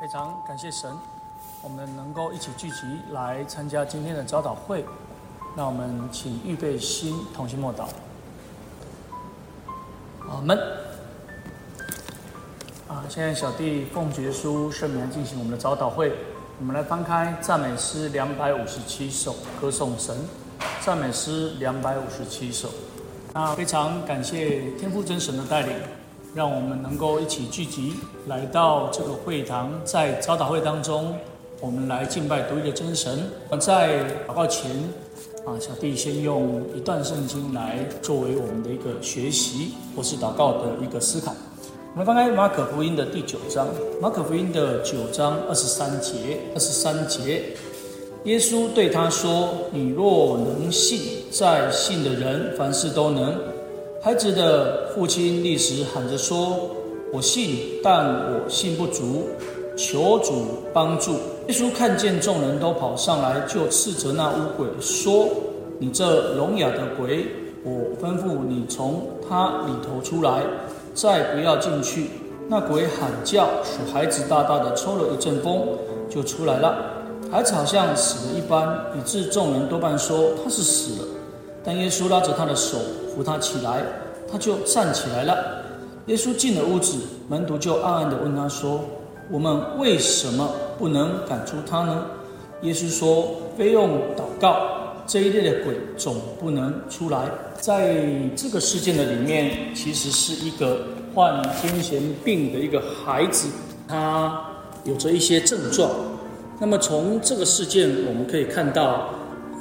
非常感謝神，我們能夠一起聚集來參加今天的早禱會。那我們請預備心同心默禱，我們啊，現在小弟奉主耶穌聖名進行我們的早禱會。我們來翻開讚美詩兩百五十七首，歌頌神。讚美詩兩百五十七首。那、啊、非常感謝天父真神的帶領。讓我們能夠一起聚集來到這個會堂，在早禱會當中，我們來敬拜獨一的真神。在禱告前，啊，小弟先用一段聖經來作為我們的一個學習或是禱告的一個思考。我們翻開馬可福音的第九章，馬可福音的九章二十三節，二十三節，耶穌對他說：“你若能信，在信的人凡事都能。”孩子的父親立時喊着說：“我信，但我信不足，求主幫助。”耶穌看見眾人都跑上來，就斥責那污鬼說：“你這聾啞的鬼，我吩咐你從他裡頭出來，再不要進去。”那鬼喊叫，使孩子大大的抽了一陣瘋，就出來了。孩子好像死了一般，以致眾人多半說他是死了。但耶穌拉着他的手。扶他起來，他就站起來了。耶穌進了屋子，門徒就暗暗地問他說：“我們為什麼不能趕出他呢？”耶穌說：“非用禱告，這一類的鬼總不能出來。”在這個事件的裡面，其實是一個患癲癇病的一個孩子，他有着一些症狀。那麼從這個事件我們可以看到，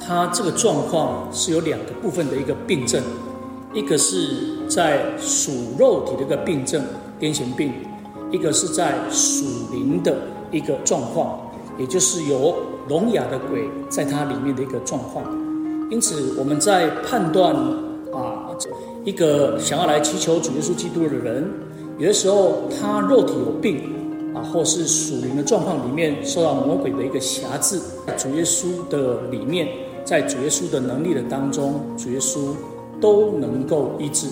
他這個狀況是有兩個部分的一個病症。一個是在屬肉體的一個病症，癲癇病；一個是在屬靈的一個狀況，也就是有聾啞的鬼在他裡面的一個狀況。因此，我們在判斷啊，一個想要來祈求主耶穌基督的人，有的時候他肉體有病啊，或是屬靈的狀況裡面受到魔鬼的一個轄制，主耶穌的裡面，在主耶穌的能力的當中，主耶穌。都能夠醫治，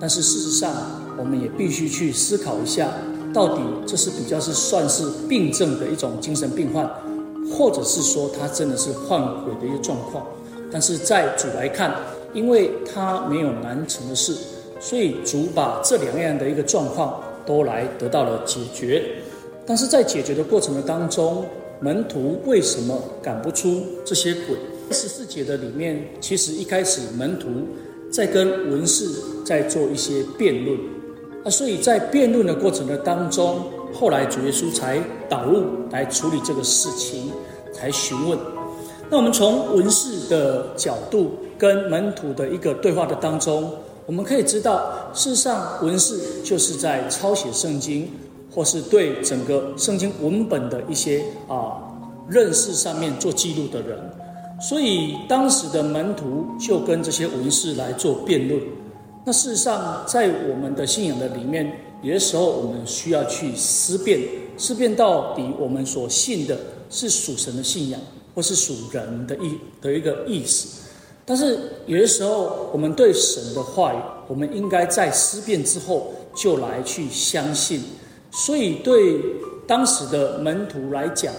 但是事實上，我們也必須去思考一下，到底這是比較是算是病症的一種精神病患，或者是說他真的是患鬼的一個狀況？但是在主來看，因為他沒有難成的事，所以主把這兩樣的一個狀況都來得到了解決。但是在解決的過程的當中，門徒為什麼趕不出這些鬼？十四節的裡面，其實一開始門徒。在跟文士在做一些辯論，啊，所以在辯論的過程的當中，後來主耶穌才導入來處理這個事情，才詢問。那我們從文士的角度跟門徒的一個對話的當中，我們可以知道，事實上文士就是在抄寫聖經，或是對整個聖經文本的一些啊認識上面做記錄的人。所以當時的門徒就跟這些文士來做辯論。那事實上，在我們的信仰的裡面，有的時候我們需要去思辨，思辨到底我們所信的是屬神的信仰，或是屬人的意的一個意思。但是有的時候，我們對神的話語，我們應該在思辨之後就來去相信。所以對當時的門徒來講。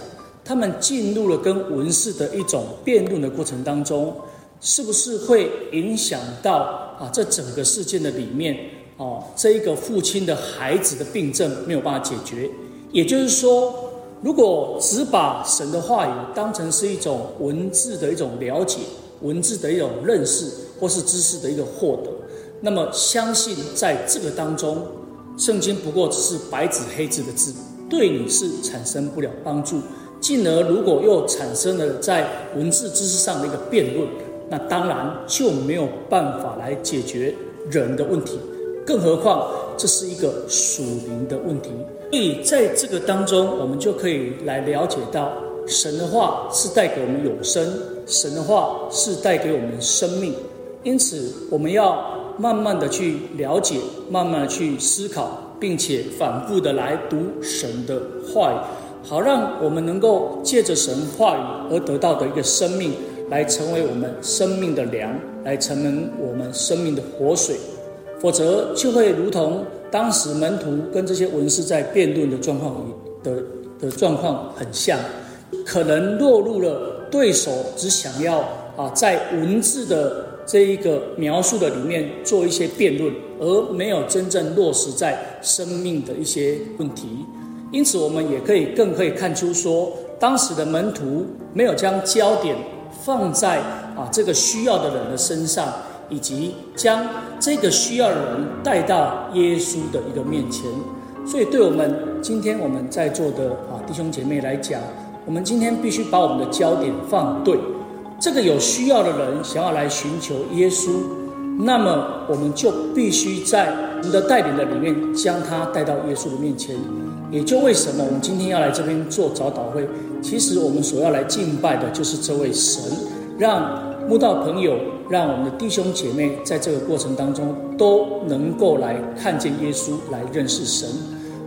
他們進入了跟文士的一種辯論的過程當中，是不是會影響到啊？這整個事件的裡面，哦、啊，這一個父親的孩子的病症沒有辦法解決。也就是說，如果只把神的話語當成是一種文字的一種了解、文字的一種認識或是知識的一個獲得，那麼相信在這個當中，聖經不過只是白紙黑字的字，對你是產生不了幫助。進而，如果又產生了在文字知識上的一個辯論，那當然就沒有辦法來解決人的問題。更何況，這是一個屬靈的問題。所以，在這個當中，我們就可以來了解到，神的話是帶給我們永生，神的話是帶給我們生命。因此，我們要慢慢的去了解，慢慢的去思考，並且反復的來讀神的話語。好，讓我們能夠借着神話語而得到的一個生命，來成為我們生命的糧，來成為我們生命的活水。否則，就會如同當時門徒跟這些文士在辯論的狀況的、的、的狀況很像，可能落入了對手只想要啊，在文字的這一個描述的裡面做一些辯論，而沒有真正落實在生命的一些問題。因此，我們也可以更可以看出，說當時的門徒沒有將焦點放在啊這個需要的人的身上，以及將這個需要的人帶到耶穌的一個面前。所以，對我們今天我們在座的啊弟兄姐妹來講，我們今天必須把我們的焦點放對這個有需要的人，想要來尋求耶穌，那麼我們就必須在我們的帶領的裡面，將他帶到耶穌的面前。也就為什麼我們今天要來這邊做早禱會，其實我們所要來敬拜的就是這位神，讓慕道朋友，讓我們的弟兄姐妹在這個過程當中都能夠來看見耶穌，來認識神，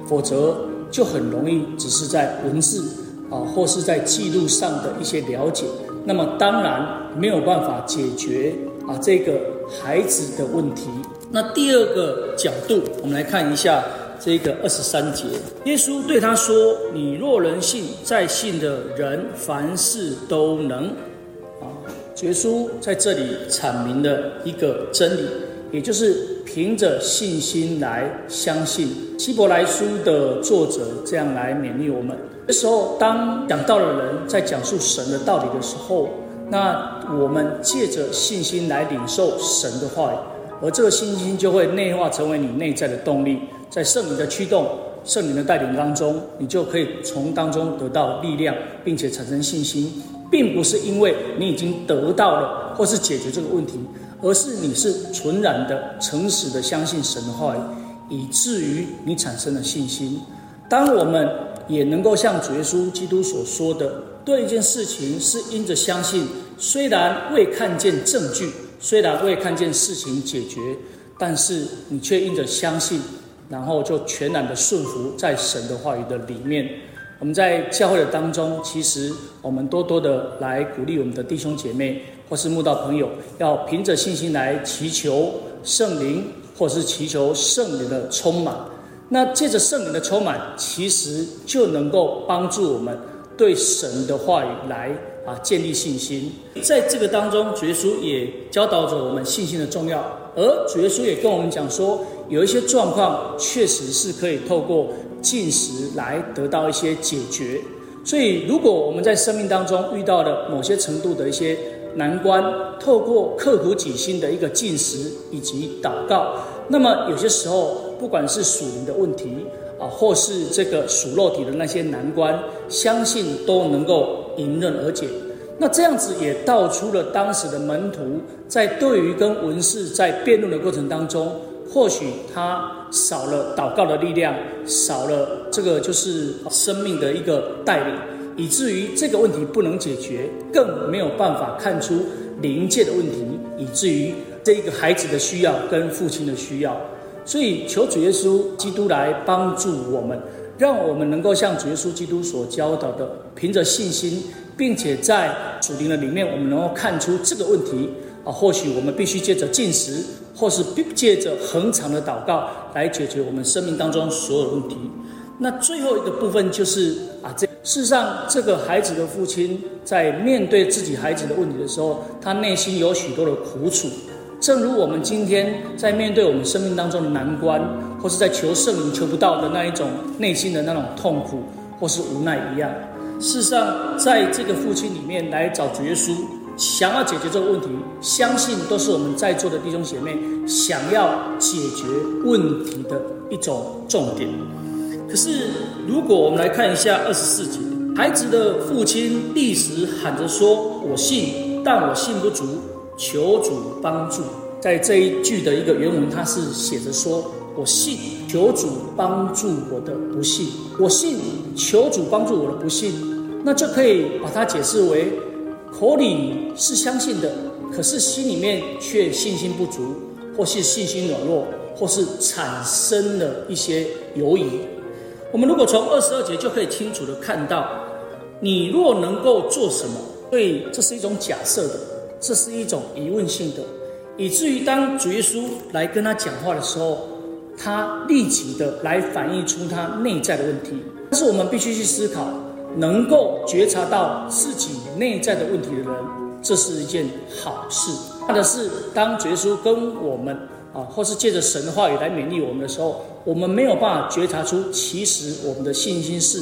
否則就很容易只是在文字啊或是在記錄上的一些了解，那麼當然沒有辦法解決啊這個孩子的問題。那第二個角度，我們來看一下。這個二十三節，耶穌對他說：“你若能信，在信的人凡事都能。”啊，耶穌在這裡闡明了一個真理，也就是憑着信心來相信。希伯來書的作者這樣來勉勵我們：這時候，當講道的人在講述神的道理的時候，那我們借着信心來領受神的話語，而這個信心就會內化成為你內在的動力。在聖靈的驅動、聖靈的帶領當中，你就可以從當中得到力量，並且產生信心，並不是因為你已經得到了或是解決這個問題，而是你是純然的、誠實的相信神的話語，以至於你產生了信心。當我們也能夠像主耶穌基督所說的，對一件事情是因着相信，雖然未看見證據，雖然未看見事情解決，但是你卻因着相信。然後就全然的順服在神的話語的裡面。我們在教會的當中，其實我們多多的來鼓勵我們的弟兄姐妹或是慕道朋友，要憑着信心來祈求聖靈，或是祈求聖靈的充滿。那借着聖靈的充滿，其實就能夠幫助我們。對神的話語來啊，建立信心。在這個當中，主耶穌也教導着我們信心的重要，而主耶穌也跟我們講說，有一些狀況確實是可以透過禁食來得到一些解決。所以，如果我們在生命當中遇到了某些程度的一些難關，透過刻苦己心的一個禁食以及禱告，那麼有些時候，不管是屬靈的問題。或是這個屬肉體的那些難關，相信都能夠迎刃而解。那這樣子也道出了當時的門徒在對於跟文士在辯論的過程當中，或許他少了禱告的力量，少了這個就是生命的一個帶領，以至於這個問題不能解決，更沒有辦法看出靈界的問題，以至於這個孩子的需要跟父親的需要。所以求主耶穌基督來幫助我們，讓我們能夠像主耶穌基督所教導的，憑着信心，並且在主靈的裡面，我們能夠看出這個問題啊。或許我們必須借着禁食，或是必借着恆常的禱告來解決我們生命當中所有的問題。那最後一個部分就是啊，這事實上這個孩子的父親在面對自己孩子的問題的時候，他內心有許多的苦楚。正如我們今天在面對我們生命當中的難關，或是在求聖靈求不到的那一種內心的那種痛苦或是無奈一樣，事實上，在這個父親裡面來找訣書，想要解決這個問題，相信都是我們在座的弟兄姐妹想要解決問題的一種重點。可是，如果我們來看一下二十四節，孩子的父親立時喊着說：“我信，但我信不足。”求主幫助，在這一句的一個原文，它是寫着說：“我信求主幫助我的，不信；我信求主幫助我的，不信。”那就可以把它解釋為口裡是相信的，可是心裡面卻信心不足，或是信心軟弱，或是產生了一些猶疑。我們如果從二十二節就可以清楚的看到，你若能夠做什麼，所以這是一種假設的。這是一種疑問性的，以至於當主耶穌來跟他講話的時候，他立即的來反映出他內在的問題。但是我們必須去思考，能夠覺察到自己內在的問題的人，這是一件好事。或者是，當主耶穌跟我們啊，或是借着神的話語來勉勵我們的時候，我們沒有辦法覺察出，其實我們的信心是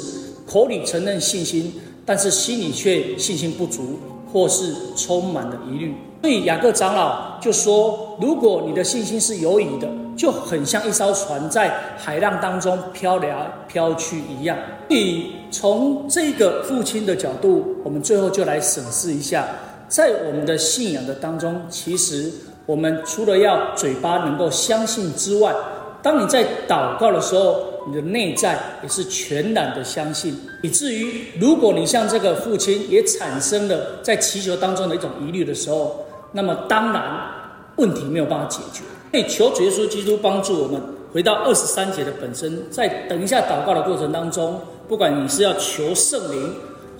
口裡承認信心，但是心裡卻信心不足。或是充滿了疑慮，所以雅各長老就說：“如果你的信心是猶疑的，就很像一艘船，在海浪當中漂來漂去一樣。”所以從這個父親的角度，我們最後就來審視一下，在我們的信仰的當中，其實我們除了要嘴巴能夠相信之外，當你在禱告的時候。你的內在也是全然的相信，以至於如果你像這個父親也產生了在祈求當中的一種疑慮的時候，那麼當然問題沒有辦法解決。可以求主耶穌基督幫助我們回到二十三節的本身，在等一下禱告的過程當中，不管你是要求聖靈，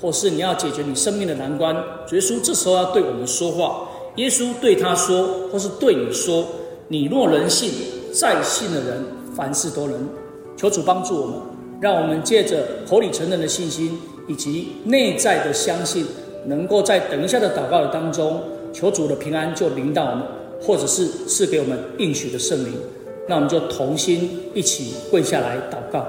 或是你要解決你生命的難關，主耶穌這時候要對我們說話。耶穌對他說，或是對你說：“你若能信，在信的人凡事都能。”求主幫助我們，讓我們借着口裡承認的信心以及內在的相信，能夠在等一下的禱告的當中，求主的平安就臨到我們，或者是賜給我們應許的聖靈，那我們就同心一起跪下來禱告。